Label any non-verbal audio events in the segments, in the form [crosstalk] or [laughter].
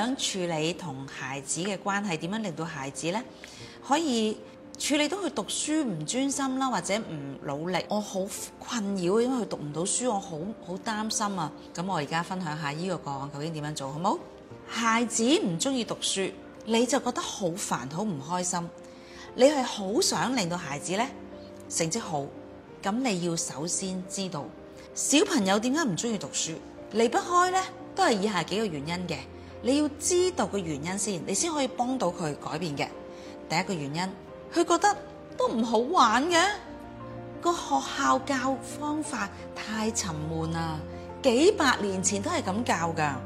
.想處理同孩子嘅關係，點樣令到孩子呢？可以處理到佢讀書唔專心啦，或者唔努力，我好困擾，因為佢讀唔到書，我好好擔心啊！咁我而家分享下呢個個案究竟點樣做好唔好？嗯，孩子唔中意讀書，你就覺得好煩，好唔開心，你係好想令到孩子呢？成績好，咁你要首先知道小朋友點解唔中意讀書，離不開呢，都係以下幾個原因嘅。你要知道個原因先，你先可以幫到佢改變嘅。第一個原因，佢覺得都唔好玩嘅，個學校教方法太沉悶啦。幾百年前都係咁教噶，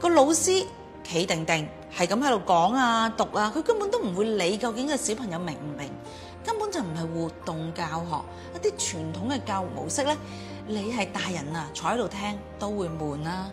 個老師企定定，係咁喺度講啊讀啊，佢根本都唔會理究竟個小朋友明唔明，根本就唔係活動教學，一啲傳統嘅教育模式咧，你係大人啊坐喺度聽都會悶啦，啊。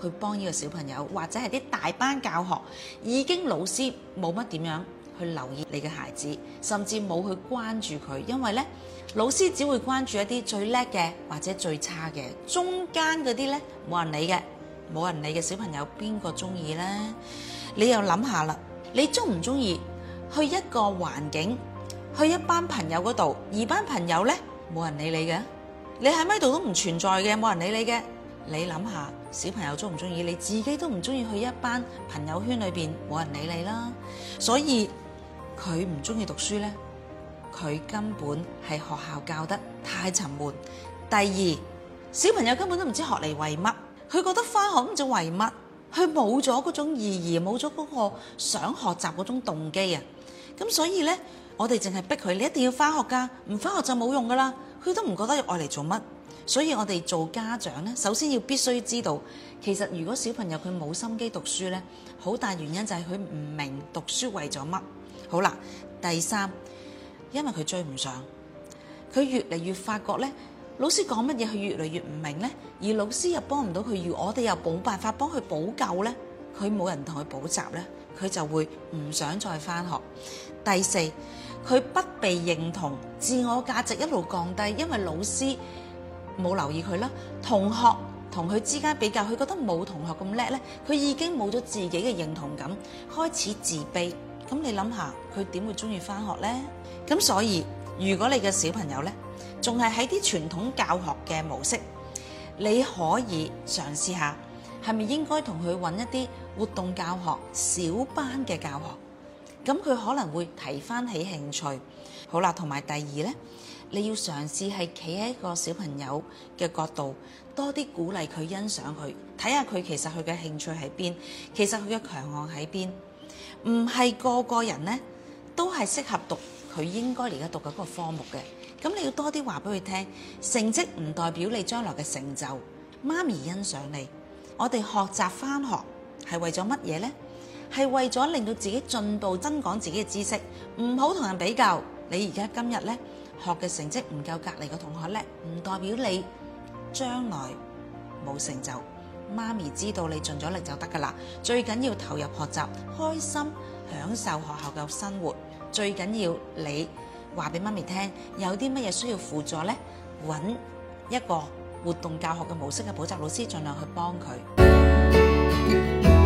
去幫呢個小朋友，或者係啲大班教學，已經老師冇乜點樣去留意你嘅孩子，甚至冇去關注佢，因為呢，老師只會關注一啲最叻嘅或者最差嘅，中間嗰啲呢，冇人理嘅，冇人理嘅小朋友邊個中意呢？你又諗下啦，你中唔中意去一個環境，去一班朋友嗰度，二班朋友呢，冇人理你嘅，你喺咪度都唔存在嘅，冇人理你嘅，你諗下。小朋友中唔中意？你自己都唔中意去一班朋友圈裏邊冇人理你啦。所以佢唔中意讀書呢，佢根本係學校教得太沉悶。第二，小朋友根本都唔知學嚟為乜，佢覺得翻學唔知為乜，佢冇咗嗰種意義，冇咗嗰個想學習嗰種動機啊。咁所以呢，我哋淨係逼佢，你一定要翻學噶，唔翻學就冇用噶啦。佢都唔覺得要用嚟做乜。所以我哋做家長咧，首先要必須知道，其實如果小朋友佢冇心機讀書咧，好大原因就係佢唔明讀書為咗乜。好啦，第三，因為佢追唔上，佢越嚟越發覺咧，老師講乜嘢佢越嚟越唔明咧，而老師又幫唔到佢，要我哋又冇辦法幫佢補救咧，佢冇人同佢補習咧，佢就會唔想再返學。第四，佢不被認同，自我價值一路降低，因為老師。冇留意佢啦，同學同佢之間比較，佢覺得冇同學咁叻呢。佢已經冇咗自己嘅認同感，開始自卑。咁你諗下，佢點會鍾意返學呢？咁所以，如果你嘅小朋友呢，仲係喺啲傳統教學嘅模式，你可以嘗試下，係咪應該同佢揾一啲活動教學、小班嘅教學？咁佢可能會提返起興趣。好啦，同埋第二呢。你要嘗試係企喺一個小朋友嘅角度，多啲鼓勵佢，欣賞佢，睇下佢其實佢嘅興趣喺邊，其實佢嘅強項喺邊。唔係個個人呢都係適合讀佢應該而家讀嘅嗰個科目嘅。咁你要多啲話俾佢聽，成績唔代表你將來嘅成就。媽咪欣賞你，我哋學習翻學係為咗乜嘢呢？係為咗令到自己進步，增廣自己嘅知識。唔好同人比較，你而家今日呢，學嘅成績唔夠，隔籬嘅同學叻，唔代表你將來冇成就。媽咪知道你盡咗力就得噶啦，最緊要投入學習，開心享受學校嘅生活。最緊要你話俾媽咪聽，有啲乜嘢需要輔助呢？搵一個活動教學嘅模式嘅補習老師，盡量去幫佢。 [music]